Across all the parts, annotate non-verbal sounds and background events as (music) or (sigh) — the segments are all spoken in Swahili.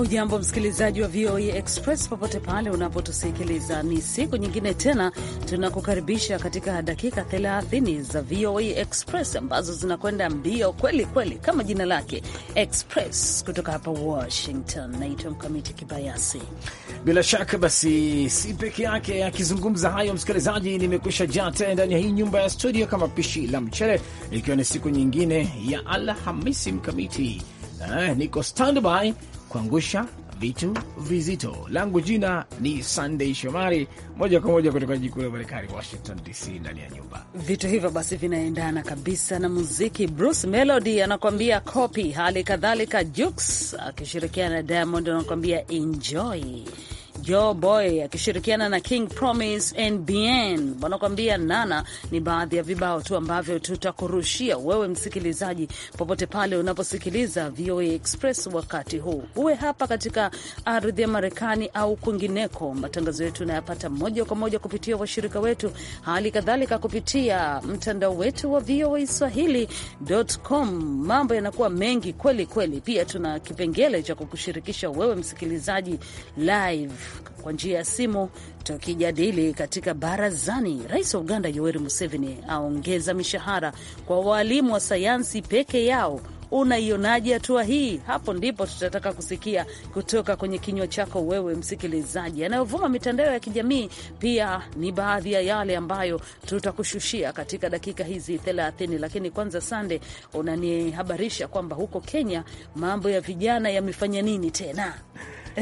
Hujambo msikilizaji wa VOA e Express popote pale unapotusikiliza, ni siku nyingine tena tunakukaribisha katika dakika 30 za VOA e Express ambazo zinakwenda mbio kweli kweli kama jina lake Express, kutoka hapa Washington. Naitwa Mkamiti Kibayasi. Bila shaka basi, si peke yake akizungumza hayo msikilizaji, nimekwisha jaa tena ndani ya hii nyumba ya studio kama pishi la mchele, ikiwa ni siku nyingine ya Alhamisi. Mkamiti eh, niko standby kuangusha vitu vizito. Langu jina ni Sunday Shomari, moja kwa moja kutoka jikuu la Marekani, Washington DC, ndani ya nyumba. Vitu hivyo basi vinaendana kabisa na muziki. Bruce Melody anakuambia copy, hali kadhalika Jux akishirikiana na Diamond anakuambia enjoy. Joe Boy akishirikiana na King Promise NBN wanakuambia Nana. Ni baadhi ya vibao tu ambavyo tutakurushia wewe msikilizaji, popote pale unaposikiliza VOA Express wakati huu, uwe hapa katika ardhi ya Marekani au kwingineko. Matangazo yetu unayapata moja kwa moja kupitia washirika wetu, hali kadhalika kupitia mtandao wetu wa VOA Swahili.com. Mambo yanakuwa mengi kweli kweli. Pia tuna kipengele cha kukushirikisha wewe msikilizaji live kwa njia ya simu tukijadili katika barazani. Rais wa Uganda Yoweri Museveni aongeza mishahara kwa waalimu wa sayansi peke yao. Unaionaje hatua hii? Hapo ndipo tutataka kusikia kutoka kwenye kinywa chako wewe msikilizaji. Yanayovuma mitandao ya kijamii pia ni baadhi ya yale ambayo tutakushushia katika dakika hizi thelathini, lakini kwanza, Sande, unanihabarisha kwamba huko Kenya mambo ya vijana yamefanya nini tena?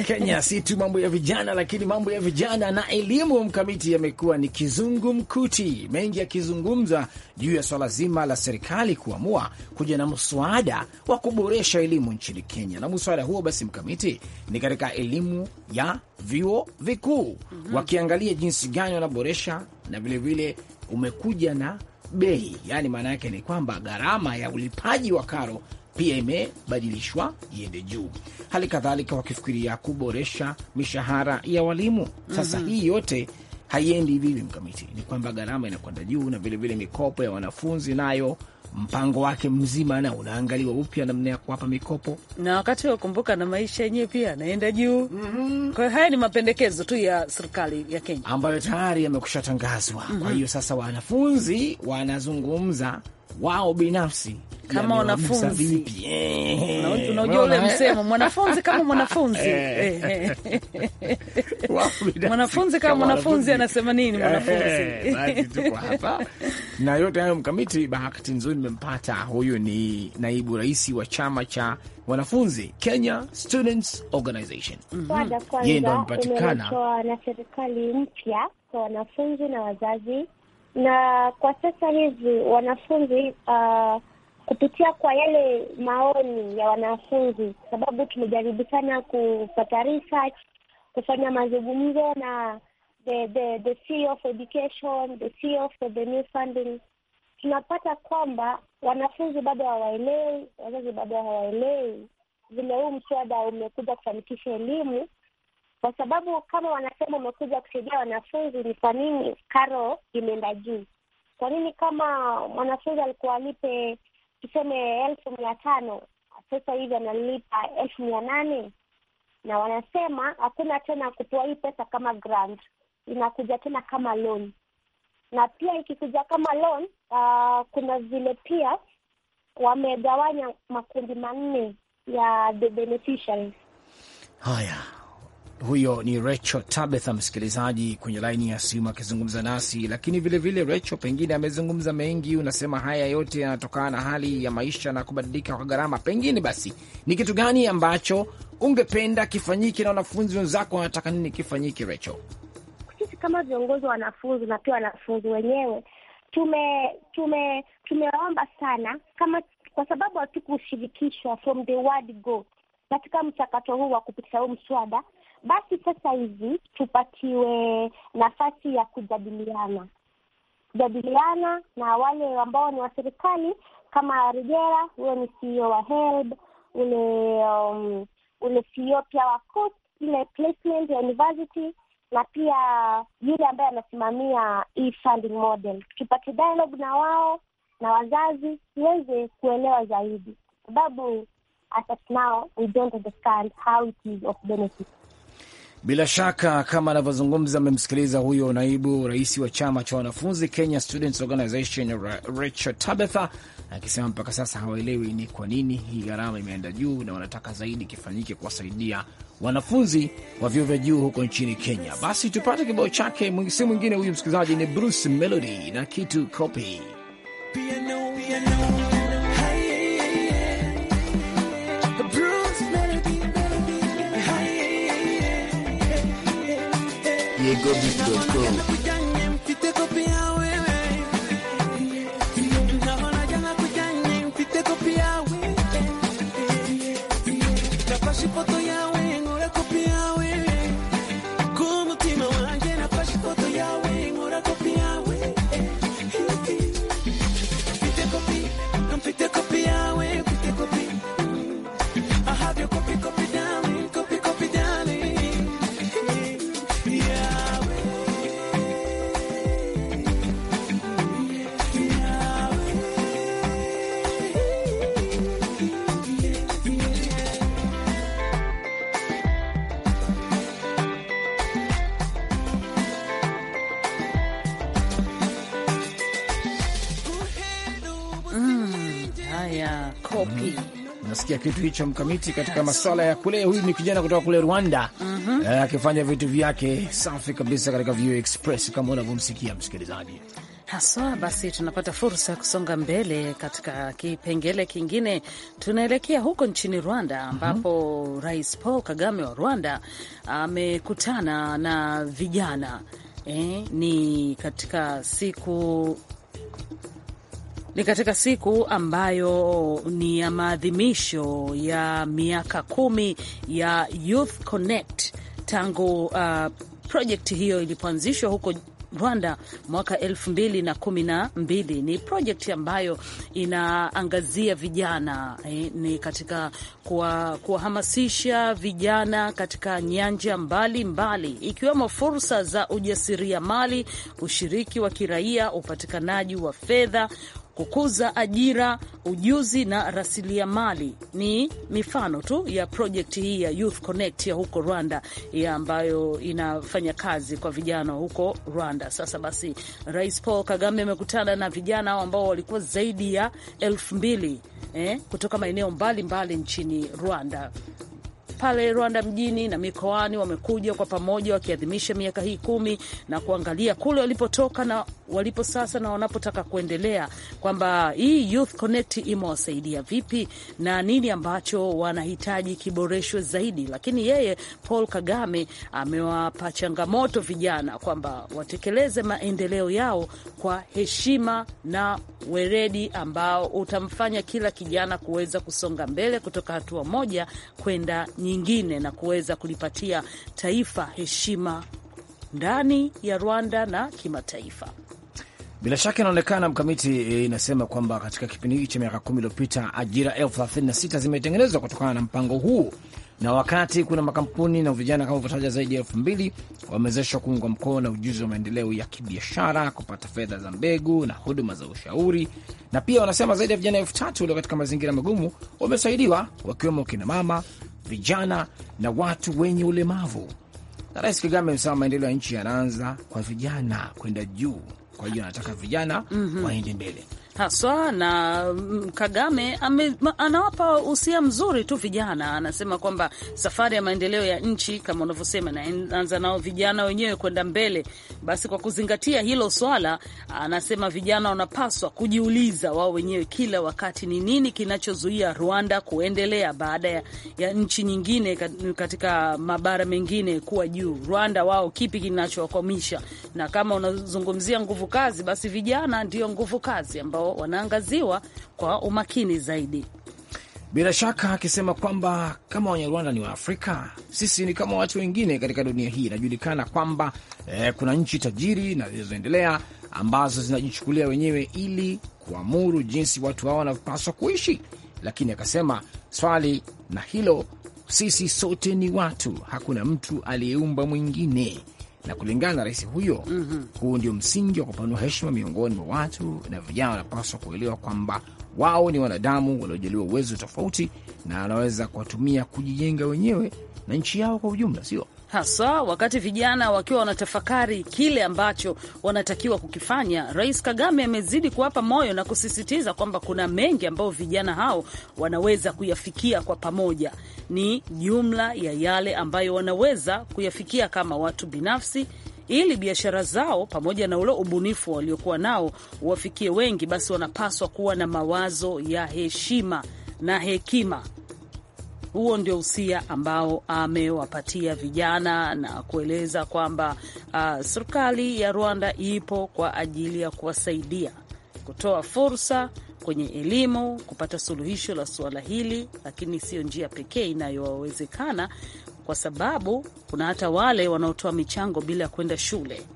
Kenya si tu mambo ya vijana, lakini mambo ya vijana na elimu mkamiti yamekuwa ni kizungumkuti, mengi yakizungumza juu ya swala zima la serikali kuamua kuja na mswada wa kuboresha elimu nchini Kenya. Na mswada huo basi, mkamiti, ni katika elimu ya vyuo vikuu mm -hmm. wakiangalia jinsi gani wanaboresha, na vilevile umekuja na bei, yaani maana yake ni kwamba gharama ya ulipaji wa karo pia imebadilishwa iende juu, hali kadhalika wakifikiria kuboresha mishahara ya walimu. Sasa mm -hmm. hii yote haiendi hivi hivi, Mkamiti, ni kwamba gharama inakwenda juu, na vilevile mikopo ya wanafunzi nayo mpango wake mzima na unaangaliwa upya namna ya kuwapa mikopo, na wakati huo kumbuka, na maisha yenyewe pia yanaenda juu mm -hmm. Kwa hiyo haya ni mapendekezo tu ya serikali ya Kenya ambayo tayari yamekusha tangazwa mm -hmm. Kwa mhm. hiyo sasa wanafunzi wanazungumza wao binafsi kama yaani wanafunzi eh. unajua ule eh? msemo mwanafunzi kama mwanafunzi eh. mwanafunzi kama mwanafunzi anasema nini mwanafunzi. na yote hayo mkamiti. Bahati nzuri nimempata, huyu ni naibu rais wa chama cha wanafunzi Kenya Students Organization. Mhm. Yeye ndo amepatikana na serikali mpya kwa wanafunzi na wazazi na kwa sasa hivi wanafunzi uh, kupitia kwa yale maoni ya wanafunzi, sababu tumejaribu sana kupata research, kufanya mazungumzo na the the the CEO education, the CEO for the new funding, tunapata kwamba wanafunzi bado hawaelewi, wazazi bado hawaelewi vile huu mswada umekuja kufanikisha elimu kwa sababu kama wanasema umekuja kusaidia wanafunzi, ni kwa nini karo imeenda juu? Kwa nini kama mwanafunzi alikuwa alipe tuseme elfu mia tano sasa hivi analipa elfu mia nane na wanasema hakuna tena kutoa hii pesa kama grant, inakuja tena kama loan. Na pia ikikuja kama loan, uh, kuna vile pia wamegawanya makundi manne ya the beneficiaries. Haya, huyo ni Recho Tabitha, msikilizaji kwenye laini ya simu akizungumza nasi. Lakini vilevile vile Recho pengine amezungumza mengi, unasema haya yote yanatokana na hali ya maisha na kubadilika kwa gharama. Pengine basi ni kitu gani ambacho ungependa kifanyike na wanafunzi wenzako wanataka nini kifanyike, Recho? Sisi kama viongozi wa wanafunzi na pia wanafunzi wenyewe tume- tume- tumeomba sana kama, kwa sababu hatukushirikishwa from the word go katika mchakato huu wa kupitisha huu mswada basi sasa hivi tupatiwe nafasi ya kujadiliana, kujadiliana na wale ambao ni wa serikali kama Regera, huyo ni CEO wa HELB, ule um, ule CEO pia wa COAST, ile placement ya university na pia yule ambaye anasimamia hii e funding model, tupate dialogue na wao na wazazi tuweze kuelewa zaidi, sababu as of now we don't understand how it is of benefit. Bila shaka kama anavyozungumza, amemsikiliza huyo naibu rais wa chama cha wanafunzi Kenya Students Organization Richard Tabetha akisema mpaka sasa hawaelewi ni kwa nini hii gharama imeenda juu, na wanataka zaidi kifanyike kuwasaidia wanafunzi wa vyuo vya juu huko nchini Kenya. Basi tupate kibao chake, si mwingine huyu msikilizaji, ni Bruce Melody na kitu copy gobeat.com. kopi. Nasikia kitu hicho mkamiti katika maswala ya kule. Huyu ni kijana kutoka kule Rwanda mhm. eh, akifanya mm -hmm. vitu vyake safi kabisa katika View Express kama unavyomsikia msikilizaji haswa. Basi tunapata fursa ya kusonga mbele katika kipengele kingine, tunaelekea huko nchini Rwanda mhm. ambapo mm -hmm. Rais Paul Kagame wa Rwanda amekutana na vijana eh, ni katika siku ni katika siku ambayo ni ya maadhimisho ya miaka kumi ya Youth Connect tangu uh, projekti hiyo ilipoanzishwa huko Rwanda mwaka elfu mbili na kumi na mbili. Ni projekti ambayo inaangazia vijana eh, ni katika kuwahamasisha vijana katika nyanja mbalimbali mbali, ikiwemo fursa za ujasiriamali, ushiriki wa kiraia, upatikanaji wa fedha kukuza ajira, ujuzi na rasilimali ni mifano tu ya projekti hii ya Youth Connect ya huko Rwanda ya ambayo inafanya kazi kwa vijana huko Rwanda. Sasa basi, Rais Paul Kagame amekutana na vijana hao ambao walikuwa zaidi ya elfu mbili eh, kutoka maeneo mbalimbali nchini Rwanda pale Rwanda mjini na mikoani wamekuja kwa pamoja wakiadhimisha miaka hii kumi na kuangalia kule walipotoka na walipo sasa na wanapotaka kuendelea, kwamba hii Youth Connect imewasaidia vipi na nini ambacho wanahitaji kiboreshwe zaidi. Lakini yeye Paul Kagame amewapa changamoto vijana kwamba watekeleze maendeleo yao kwa heshima na weredi ambao utamfanya kila kijana kuweza kusonga mbele kutoka hatua moja kwenda nyingine nyingine na kuweza kulipatia taifa heshima ndani ya Rwanda na kimataifa. Bila shaka inaonekana mkamiti e, inasema kwamba katika kipindi hiki cha miaka kumi iliyopita ajira elfu thelathini na sita zimetengenezwa kutokana na mpango huu na wakati kuna makampuni na vijana kama vyotaja zaidi ya elfu mbili wamewezeshwa kuungwa mkono na ujuzi wa maendeleo ya kibiashara, kupata fedha za mbegu na huduma za ushauri. Na pia wanasema zaidi ya vijana elfu tatu walio katika mazingira magumu wamesaidiwa, wakiwemo kinamama, vijana na watu wenye ulemavu. Na Rais Kagame amesema maendeleo ya nchi yanaanza kwa vijana kwenda juu, kwa hiyo anataka vijana mm -hmm. waende mbele haswa na mm, Kagame ame, anawapa usia mzuri tu vijana. Anasema kwamba safari ya maendeleo ya nchi kama unavyosema, naanza nao vijana wenyewe kwenda mbele. Basi kwa kuzingatia hilo swala, anasema vijana wanapaswa kujiuliza wao wenyewe kila wakati ni nini kinachozuia Rwanda kuendelea baada ya, ya nchi nyingine katika mabara mengine kuwa juu. Rwanda wao kipi kinachowakwamisha? Na kama unazungumzia nguvu kazi, basi vijana ndio nguvu kazi ambao wanaangaziwa kwa umakini zaidi. Bila shaka akisema kwamba kama Wanyarwanda ni Waafrika, sisi ni kama watu wengine katika dunia hii. Inajulikana kwamba eh, kuna nchi tajiri na zilizoendelea ambazo zinajichukulia wenyewe ili kuamuru jinsi watu hao wanavyopaswa kuishi, lakini akasema swali na hilo, sisi sote ni watu, hakuna mtu aliyeumba mwingine na kulingana na rais huyo mm -hmm. Huu ndio msingi wa kupanua heshima miongoni mwa watu, na vijana wanapaswa kuelewa kwamba wao ni wanadamu waliojaliwa uwezo tofauti na wanaweza kuwatumia kujijenga wenyewe na nchi yao kwa ujumla, sio haswa wakati vijana wakiwa wanatafakari kile ambacho wanatakiwa kukifanya. Rais Kagame amezidi kuwapa moyo na kusisitiza kwamba kuna mengi ambayo vijana hao wanaweza kuyafikia kwa pamoja, ni jumla ya yale ambayo wanaweza kuyafikia kama watu binafsi ili biashara zao pamoja na ule ubunifu waliokuwa nao wafikie wengi, basi wanapaswa kuwa na mawazo ya heshima na hekima huo ndio usia ambao amewapatia vijana na kueleza kwamba uh, serikali ya Rwanda ipo kwa ajili ya kuwasaidia kutoa fursa kwenye elimu, kupata suluhisho la suala hili, lakini siyo njia pekee inayowezekana, kwa sababu kuna hata wale wanaotoa michango bila ya kwenda shule.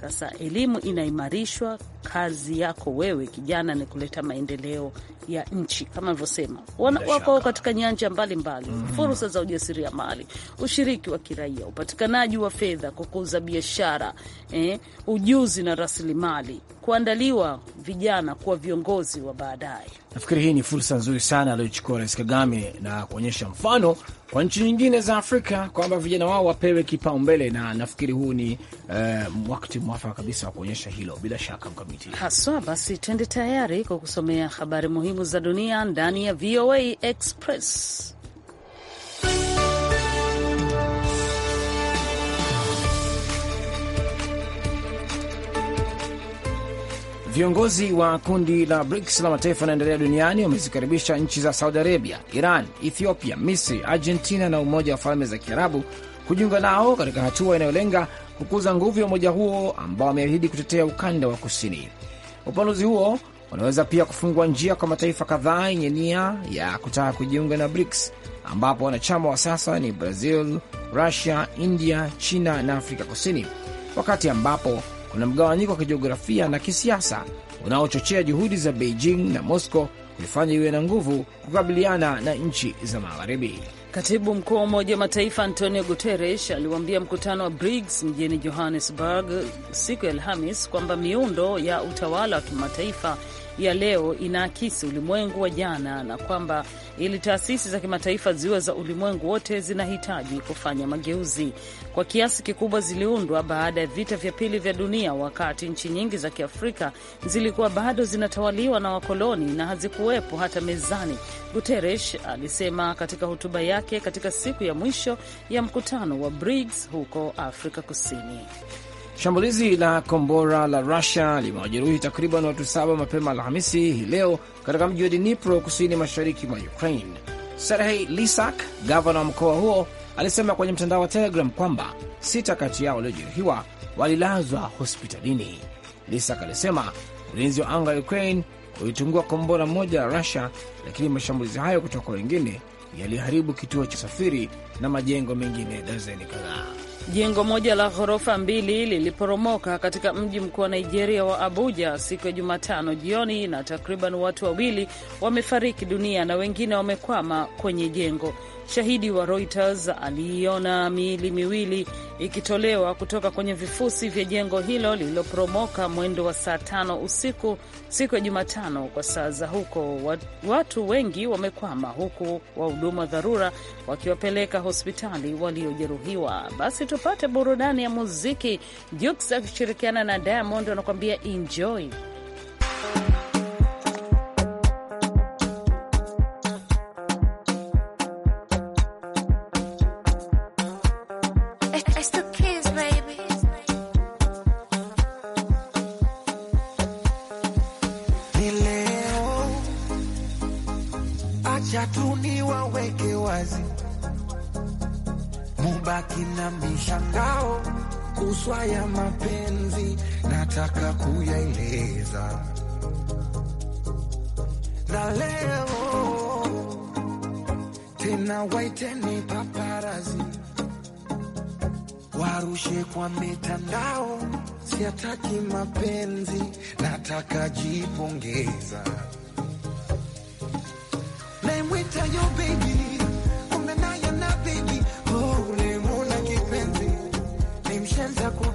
Sasa elimu inaimarishwa. Kazi yako wewe kijana ni kuleta maendeleo ya nchi, kama alivyosema, wako katika nyanja mbalimbali mbali. Mm -hmm. Fursa za ujasiriamali, ushiriki wa kiraia, upatikanaji wa fedha, kukuza biashara eh, ujuzi na rasilimali, kuandaliwa vijana kuwa viongozi wa baadaye. Nafikiri hii ni fursa nzuri sana aliyochukua Rais Kagame na kuonyesha mfano kwa nchi nyingine za Afrika kwamba vijana wao wapewe kipaumbele, na nafikiri huu ni uh, wakati mwafaka kabisa wa kuonyesha hilo, bila shaka mkamiti haswa. Basi tuende tayari kwa kusomea habari muhimu za dunia ndani ya VOA Express. Viongozi wa kundi la BRICS la mataifa yanaendelea duniani wamezikaribisha nchi za Saudi Arabia, Iran, Ethiopia, Misri, Argentina na Umoja wa Falme za Kiarabu kujiunga nao katika hatua inayolenga kukuza nguvu ya umoja huo ambao wameahidi kutetea ukanda wa kusini. Upanuzi huo unaweza pia kufungua njia kwa mataifa kadhaa yenye nia ya kutaka kujiunga na BRICS, ambapo wanachama wa sasa ni Brazil, Rusia, India, China na Afrika Kusini, wakati ambapo kuna mgawanyiko wa kijiografia na kisiasa unaochochea juhudi za Beijing na Moscow kuifanya iwe na nguvu kukabiliana na nchi za Magharibi. Katibu mkuu wa Umoja wa Mataifa Antonio Guterres aliwaambia mkutano wa BRICS mjini Johannesburg siku ya Alhamis kwamba miundo ya utawala wa kimataifa ya leo inaakisi ulimwengu wa jana, na kwamba ili taasisi za kimataifa ziwe za ulimwengu wote zinahitaji kufanya mageuzi. Kwa kiasi kikubwa ziliundwa baada ya vita vya pili vya dunia, wakati nchi nyingi za Kiafrika zilikuwa bado zinatawaliwa na wakoloni na hazikuwepo hata mezani, Guterres alisema katika hotuba yake katika siku ya mwisho ya mkutano wa BRICS huko Afrika Kusini. Shambulizi la kombora la Rusia limewajeruhi takriban watu saba mapema Alhamisi hii leo katika mji wa Dnipro, kusini mashariki mwa Ukraine. Serhei Lisak, gavana wa mkoa huo, alisema kwenye mtandao wa Telegram kwamba sita kati yao waliojeruhiwa walilazwa hospitalini. Lisak alisema ulinzi wa anga ya Ukraine ulitungua kombora moja la Rusia, lakini mashambulizi hayo kutoka wengine yaliharibu kituo cha usafiri na majengo mengine dazeni kadhaa. Jengo moja la ghorofa mbili liliporomoka katika mji mkuu wa Nigeria wa Abuja siku ya Jumatano jioni na takriban watu wawili wamefariki dunia na wengine wamekwama kwenye jengo. Shahidi wa Reuters aliiona miili miwili ikitolewa kutoka kwenye vifusi vya jengo hilo lililoporomoka mwendo wa saa tano usiku siku ya Jumatano kwa saa za huko. Watu wengi wamekwama, huku wahuduma dharura wakiwapeleka hospitali waliojeruhiwa. Basi tupate burudani ya muziki. Jux akishirikiana na Diamond wanakuambia enjoy.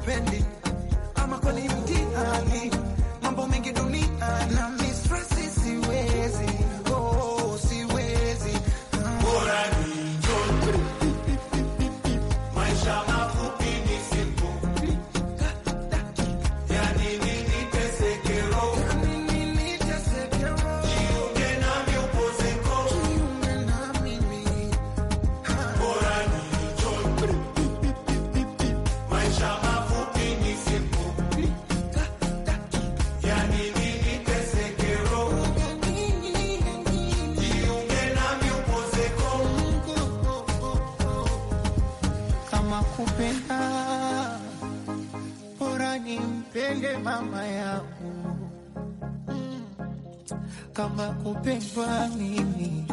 hapendi kama kupendwa mimi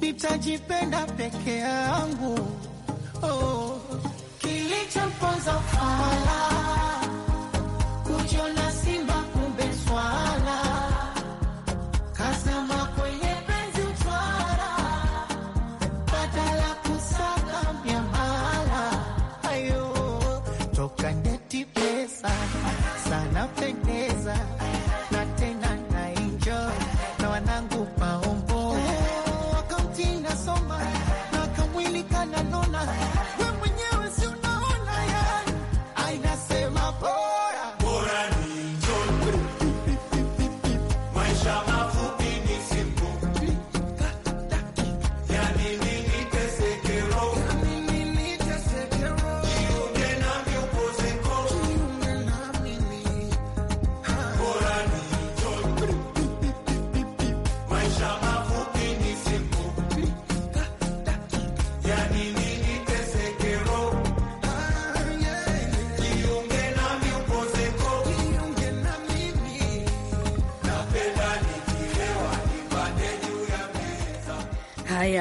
nitajipenda peke yangu. Oh, kilichoponza fala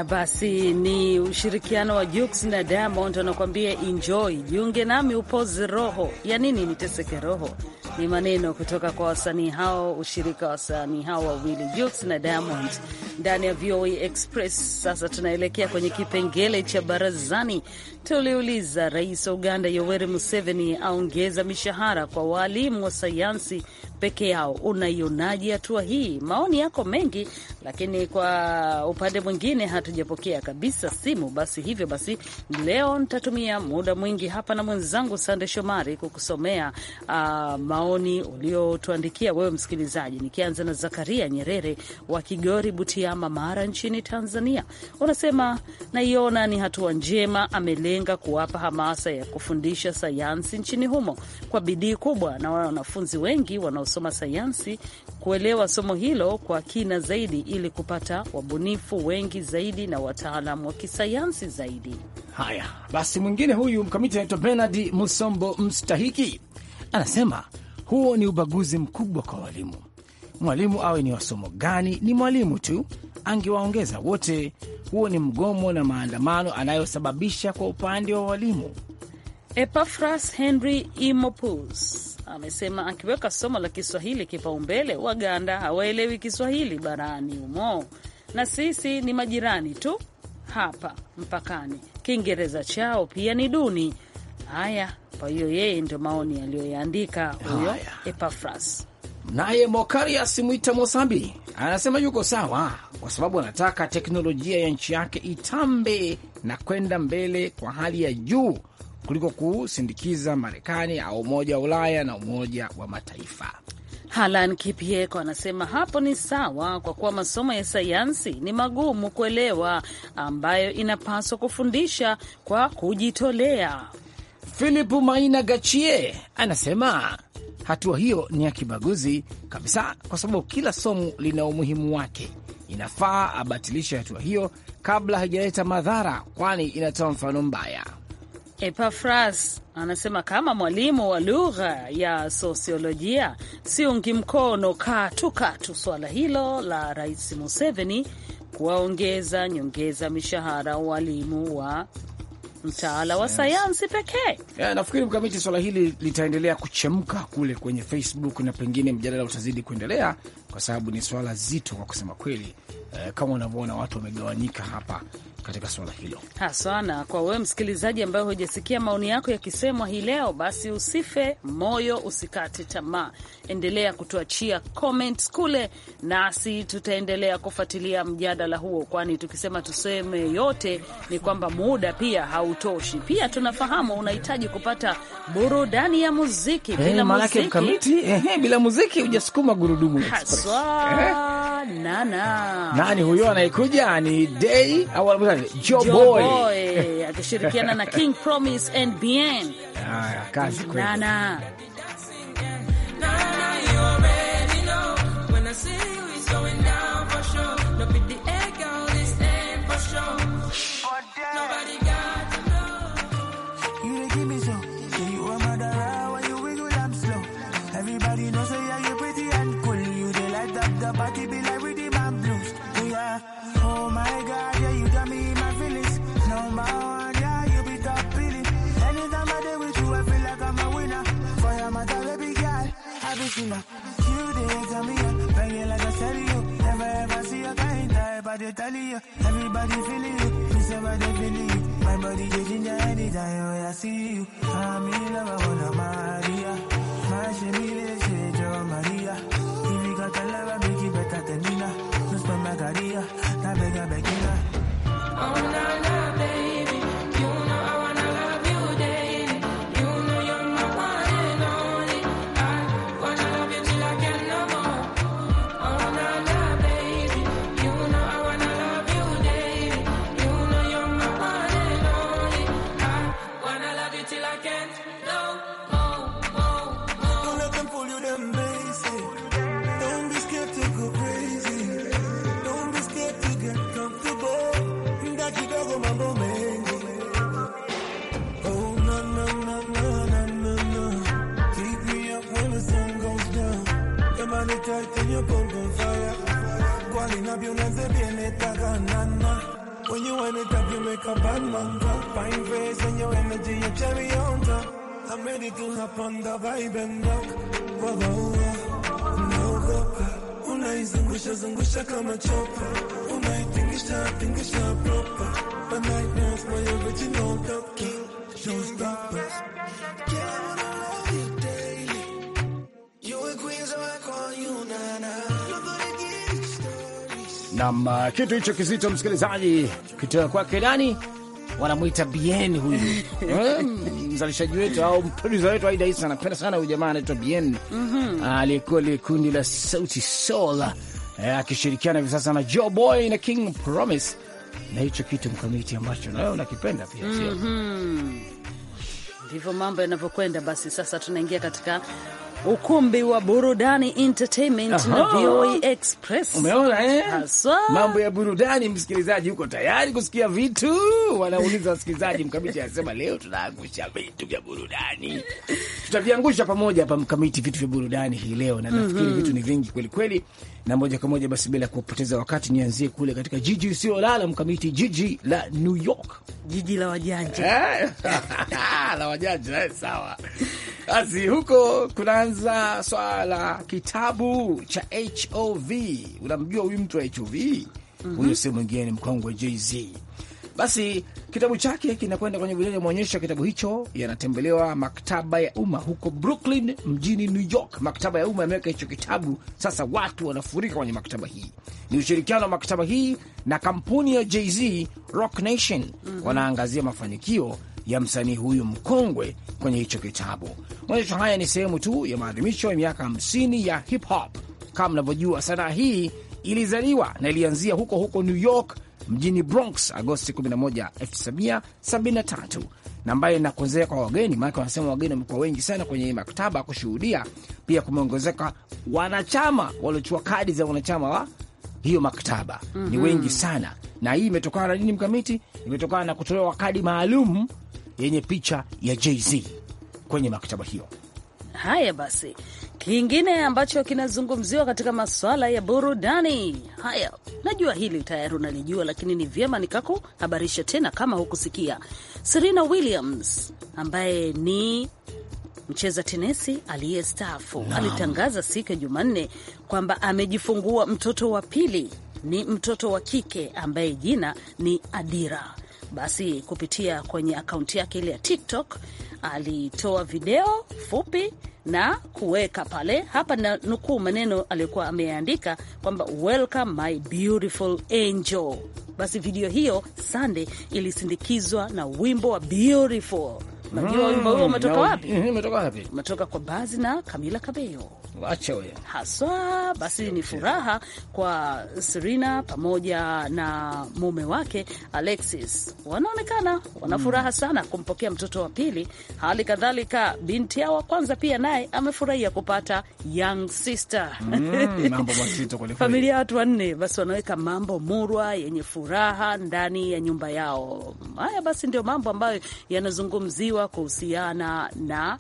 basi ni ushirikiano wa Jux na Diamond wanakuambia enjoy. Jiunge nami upozi roho ya nini niteseke roho, ni maneno kutoka kwa wasanii hao, ushirika wa wasanii hao wawili Jux na Diamond ndani ya VOA e Express. Sasa tunaelekea kwenye kipengele cha barazani. Tuliuliza Rais wa Uganda Yoweri Museveni aongeza mishahara kwa waalimu wa sayansi peke yao. Unaionaje hatua hii? Maoni yako mengi, lakini kwa upande mwingine hatujapokea kabisa simu. Basi hivyo basi, leo nitatumia muda mwingi hapa na mwenzangu Sande Shomari kukusomea uh, maoni uliotuandikia wewe msikilizaji, nikianza na Zakaria Nyerere wa Kigori Butia ama Mara nchini Tanzania. Unasema naiona ni hatua njema, amelenga kuwapa hamasa ya kufundisha sayansi nchini humo kwa bidii kubwa, na wale wanafunzi wengi wanaosoma sayansi kuelewa somo hilo kwa kina zaidi, ili kupata wabunifu wengi zaidi na wataalam wa kisayansi zaidi. Haya basi, mwingine huyu mkamiti anaitwa Benard Musombo Mstahiki anasema huo ni ubaguzi mkubwa kwa walimu mwalimu awe ni wasomo gani, ni mwalimu tu, angewaongeza wote. Huo ni mgomo na maandamano anayosababisha kwa upande wa walimu. Epafras Henry Imopus amesema akiweka somo la Kiswahili kipaumbele, Waganda hawaelewi Kiswahili barani humo, na sisi ni majirani tu hapa mpakani. Kiingereza chao pia ni duni. Haya, kwa hiyo yeye ndio maoni aliyoyaandika huyo Epafras. Naye Mokarias Mwita Mosambi anasema yuko sawa kwa sababu anataka teknolojia ya nchi yake itambe na kwenda mbele kwa hali ya juu kuliko kusindikiza Marekani au Umoja wa Ulaya na Umoja wa Mataifa. Halan Kipieko anasema hapo ni sawa, kwa kuwa masomo ya sayansi ni magumu kuelewa, ambayo inapaswa kufundisha kwa kujitolea. Philip Maina Gachie anasema hatua hiyo ni ya kibaguzi kabisa, kwa sababu kila somo lina umuhimu wake. Inafaa abatilishe hatua hiyo kabla haijaleta madhara, kwani inatoa mfano mbaya. Epafras anasema kama mwalimu wa lugha ya sosiolojia, siungi mkono katukatu swala hilo la Rais Museveni kuwaongeza nyongeza mishahara walimu wa mtaala wa sayansi pekee. Yeah, nafikiri mkamiti, swala hili litaendelea kuchemka kule kwenye Facebook na pengine mjadala utazidi kuendelea kwa sababu ni swala zito kwa kusema kweli. Eh, kama unavyoona watu wamegawanyika hapa katika swala hilo haswa. Na kwa wewe msikilizaji ambaye hujasikia maoni yako yakisemwa hii leo, basi usife moyo, usikate tamaa, endelea kutuachia comments kule, nasi tutaendelea kufuatilia mjadala huo, kwani tukisema tuseme yote ni kwamba muda pia hautoshi. Pia tunafahamu unahitaji kupata burudani ya muziki. Bila hey, eh, muziki, ujasukuma hey, hey, bila muziki hujasukuma gurudumu. Swa, Nana. Nani huyo anayekuja ni Day au Joboy akishirikiana na King Promise and Bien. Ah, kazi kweli. Nana. body feeling you. This your body feeling you. My body changing ginger anytime I see you. I'm in love, I wanna mind. Nam uh, kitu hicho kizito, msikilizaji, kitoka kwake nani wanamwita Bien huyu (laughs) eh, mzalishaji wetu au mprodusa wetu Aida Isa anapenda sana huyu jamaa anaitwa Bien mhm. ah, aliyekuwa li kundi la Sauti Sol eh, akishirikiana hivi sasa na Jo Boy na King Promise na hicho kitu mkamiti ambacho nayo unakipenda pia ndivyo mm -hmm. Ndivyo mambo yanavyokwenda. Basi sasa tunaingia katika ukumbi wa burudani entertainment na VOA e Express. Umeona eh? Mambo ya burudani, msikilizaji uko tayari kusikia vitu? Wanauliza wasikilizaji, mkamiti anasema leo tunaangusha vitu vya burudani. Tutaviangusha pamoja hapa mkamiti vitu vya burudani hii leo na nafikiri mm -hmm. vitu ni vingi kweli kweli na moja kwa moja basi, bila kupoteza wakati, nianzie kule katika jiji usiolala mkamiti, jiji la New York, jiji la wajanja eh? (laughs) la wajanja. Eh, sawa basi, huko kunaanza swala la kitabu cha HOV. Unamjua huyu mtu wa HOV? Mhm. huyo mm -hmm. si mwingine, ni mkongwe JZ. Basi kitabu chake kinakwenda kwenye vilele maonyesho ya kitabu hicho yanatembelewa maktaba ya umma huko Brooklyn mjini New York. Maktaba ya umma yameweka hicho kitabu, sasa watu wanafurika kwenye maktaba hii. Ni ushirikiano wa maktaba hii na kampuni ya JZ Rock Nation, mm -hmm. wanaangazia mafanikio ya msanii huyu mkongwe kwenye hicho kitabu. Maonyesho haya ni sehemu tu ya maadhimisho ya miaka 50 ya hip hop. Kama mnavyojua, sanaa hii ilizaliwa na ilianzia huko huko New York mjini Bronx Agosti 11, 1973 na ambayo na kwa wageni, maanake wanasema wageni wamekuwa wengi sana kwenye maktaba kushuhudia, pia kumeongezeka wanachama waliochukua kadi za wanachama wa hiyo maktaba mm -hmm. Ni wengi sana, na hii imetokana na nini mkamiti? Imetokana na kutolewa kadi maalum yenye picha ya Jay-Z kwenye maktaba hiyo. Haya basi, Kingine ambacho kinazungumziwa katika maswala ya burudani haya, najua hili tayari unalijua, lakini ni vyema nikakuhabarisha tena kama hukusikia. Serena Williams ambaye ni mcheza tenesi aliyestaafu alitangaza siku ya Jumanne kwamba amejifungua mtoto wa pili. Ni mtoto wa kike ambaye jina ni Adira basi kupitia kwenye akaunti yake ile ya TikTok alitoa video fupi na kuweka pale. Hapa na nukuu maneno aliyokuwa ameandika kwamba welcome my beautiful angel. Basi video hiyo sande ilisindikizwa na wimbo wa beautiful Unajua wimbo huo mm, umetoka wapi? Mm, umetoka wapi? Umetoka kwa Bazi na kamila kabeo Wacha wewe. Haswa basi ni furaha kwa Serena pamoja na mume wake Alexis. Wanaonekana wana mm. furaha sana kumpokea mtoto wa pili. Hali kadhalika binti yao wa kwanza pia naye amefurahia kupata young sister. Mm, (laughs) mambo mazito Familia ya watu wanne basi wanaweka mambo murwa yenye furaha ndani ya nyumba yao. Haya basi ndio mambo ambayo yanazungumziwa kuhojiwa kuhusiana na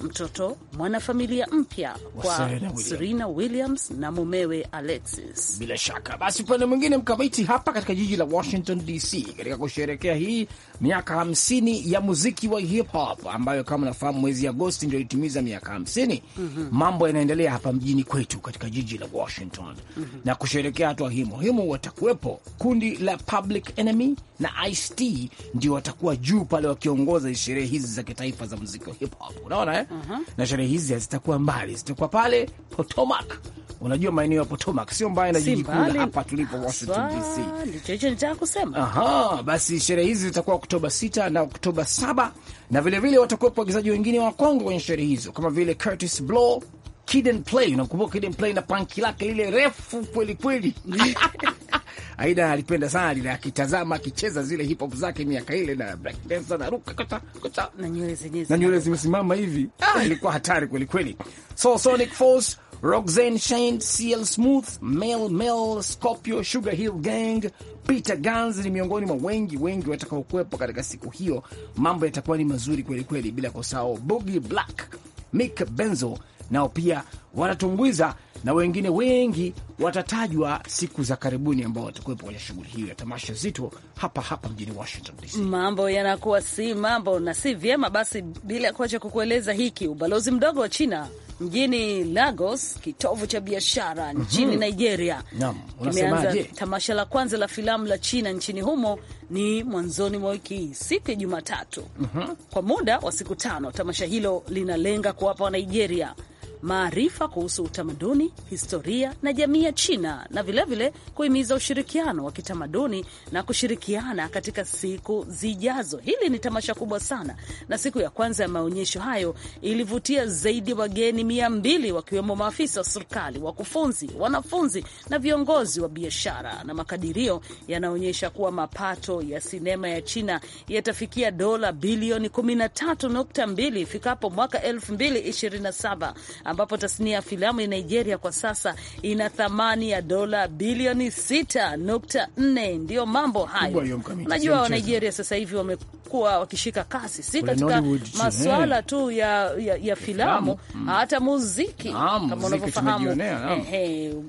mtoto mwanafamilia mpya kwa Serena Williams. Serena Williams na mumewe Alexis. Bila shaka basi, upande mwingine mkamiti hapa katika jiji la Washington DC, katika kusherekea hii miaka 50 ya muziki wa hip hop ambayo kama nafahamu mwezi Agosti ndio ilitimiza miaka 50. mm -hmm. Mambo yanaendelea hapa mjini kwetu katika jiji la Washington. mm -hmm. na kusherekea hatua hii muhimu, watakuwepo kundi la Public Enemy na Ice-T ndio watakuwa juu pale wakiongoza sherehe hizi za kitaifa za muziki wa hip hop. Unaona eh? na sherehe hizi hazitakuwa mbali, zitakuwa pale Potomac. Unajua maeneo ya Potomac sio mbaya na jiji kuu hapa tulipo Washington DC. Ndicho hicho kusema. Aha, basi sherehe hizi zitakuwa Oktoba 6 na Oktoba 7, na vile vile watakuwepo waigizaji wengine wa Kongo kwenye sherehe hizo kama vile Curtis Blow, Kid and Play. Unakumbuka Kid and Play na panki lake ile refu kweli kweli (laughs) Aida alipenda sana lile, akitazama akicheza zile hip hop zake miaka ile na black dance na ruka kata kata na nywele zenyewe na nywele zimesimama hivi, ah, (laughs) ilikuwa hatari kweli kweli. So Sonic Force, Roxanne Shane, CL Smooth, Mel Mel, Scorpio, Sugar Hill Gang, Peter Guns ni miongoni mwa wengi wengi watakaokuwepo katika siku hiyo. Mambo yatakuwa ni mazuri kweli kweli, bila kusahau Boogie Black, Mick Benzo nao pia watatumbuiza na wengine wengi watatajwa siku za karibuni ambao watakuwepo kwenye shughuli hiyo ya tamasha zito hapa hapa mjini Washington DC. Mambo yanakuwa si mambo na si vyema. Basi bila kuacha kukueleza hiki, ubalozi mdogo wa China mjini Lagos, kitovu cha biashara mhm. nchini mm -hmm. Nigeria, kimeanza tamasha la kwanza la filamu la China nchini humo ni mwanzoni mwa wiki hii siku ya Jumatatu mm -hmm. kwa muda wa siku tano. Tamasha hilo linalenga kuwapa Wanigeria maarifa kuhusu utamaduni, historia na jamii ya China na vilevile kuhimiza ushirikiano wa kitamaduni na kushirikiana katika siku zijazo. Hili ni tamasha kubwa sana, na siku ya kwanza ya maonyesho hayo ilivutia zaidi wageni mia mbili wakiwemo maafisa wa serikali, wakufunzi, wanafunzi na viongozi wa biashara, na makadirio yanaonyesha kuwa mapato ya sinema ya China yatafikia dola bilioni 13.2 ifikapo mwaka 2027 ambapo tasnia ya filamu ya Nigeria kwa sasa ina thamani ya dola bilioni 6.4. ndio mambo hayo. Unajua wa Nigeria sasa hivi wamekuwa wakishika kasi, si katika maswala eh. tu ya, ya, ya filamu mm, hata muziki ah, kama unavyofahamu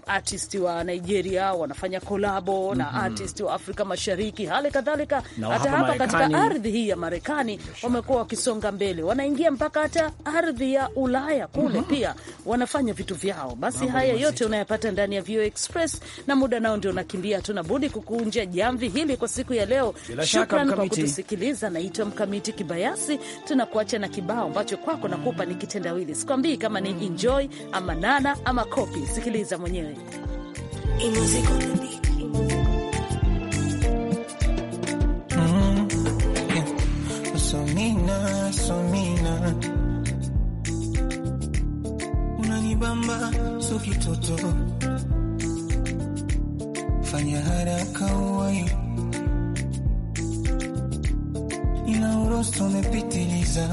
artist wa Nigeria wanafanya kolabo na mm-hmm. artist wa Afrika Mashariki, hali kadhalika hata hapa katika ardhi hii ya Marekani wamekuwa wakisonga mbele, wanaingia mpaka hata ardhi ya Ulaya kule mm-hmm. pia pia wanafanya vitu vyao. Basi Mambo haya yote unayapata ndani ya VOA Express, na muda nao ndio unakimbia. Hatuna budi kukunja jamvi hili kwa siku ya leo. Shukran kwa kutusikiliza. Naitwa Mkamiti Kibayasi, tunakuacha na kibao ambacho kwako nakupa ni kitendawili. Sikwambii kama ni enjoy ama nana ama kopi, sikiliza mwenyewe. Mm, yeah bamba so kitoto, fanya haraka uwai, ina urosto umepitiliza,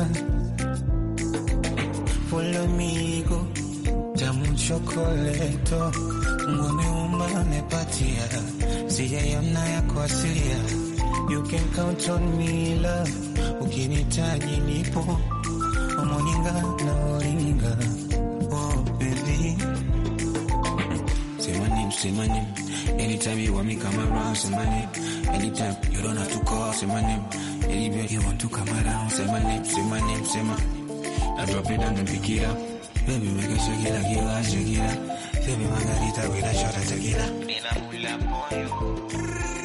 polamigo jamu chokoleto, Mungu mepatia, amepatia, sijaiona ya kwasia, you can count on me love, ukinitaji nipo say my name. Anytime you want me, come around, say my name. Anytime you don't have to call, say my name. Any you want to come around, say my name, say my name, say my name. I drop it down and pick it up. Baby, make a shake it, like you are shake it up. Baby, margarita, with a shot of tequila. Nina, mula, you.